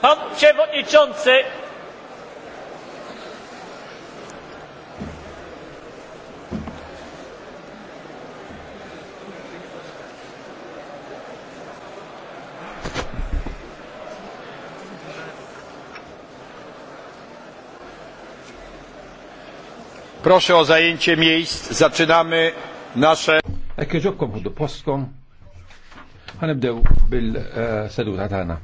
Pan Przewodniczący! Proszę o zajęcie miejsc. Zaczynamy nasze... Ekk do ħuddu postkom, ħanibdew bil-seduta eh, tana.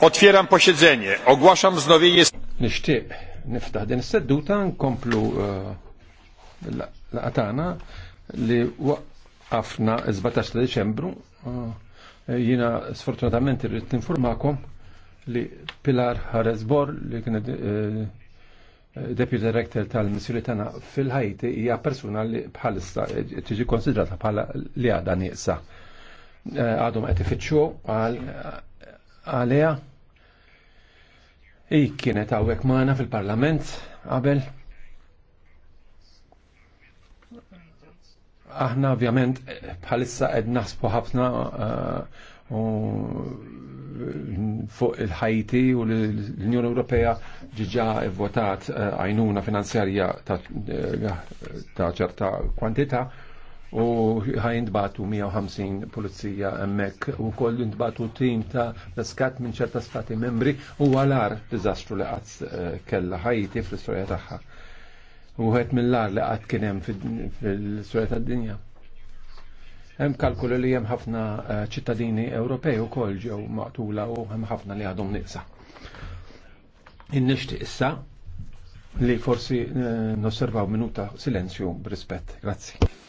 Otwieram posiedzenie. Ogłaszam wznowienie. Nixtieq niftaħ din is-sedduta nkomplu e, laqatana li waqafna 17 ta' Deċembru. E, Jiena sfortunatament irrid ninformakom li Pilar Harezbor li kien e, Deputy Director tal-Missjoni tagħna fil-Ħajti hija persuna li bħalissa tiġi konsidrata bħala li għadha nieqsa. Għadhom qed ifittxu għal għalija Ej, kienet għawek maħna fil-parlament qabel. Aħna ovvjament eh, bħalissa qed naħsbu ħafna eh, fuq il-ħajti u l-Unjoni Ewropea ġiġa votat eh, għajnuna finanzjarja ta' ċerta kwantita' u ħajntbatu 150 pulizija emmek u koll intbatu tim ta' l-skat minn ċerta stati membri u għalar dizastru li għadz eh, kella ħajti fl-istoria tagħha. U għet mill-lar li għad kienem fil-istoria tad dinja Hemm kalkulu li hemm ħafna eh, ċittadini Ewropej ukoll ġew maqtula u hemm ħafna li għadhom nieqsa. Innixti issa li forsi eh, nosservaw minuta silenzju b'rispett. Grazzi.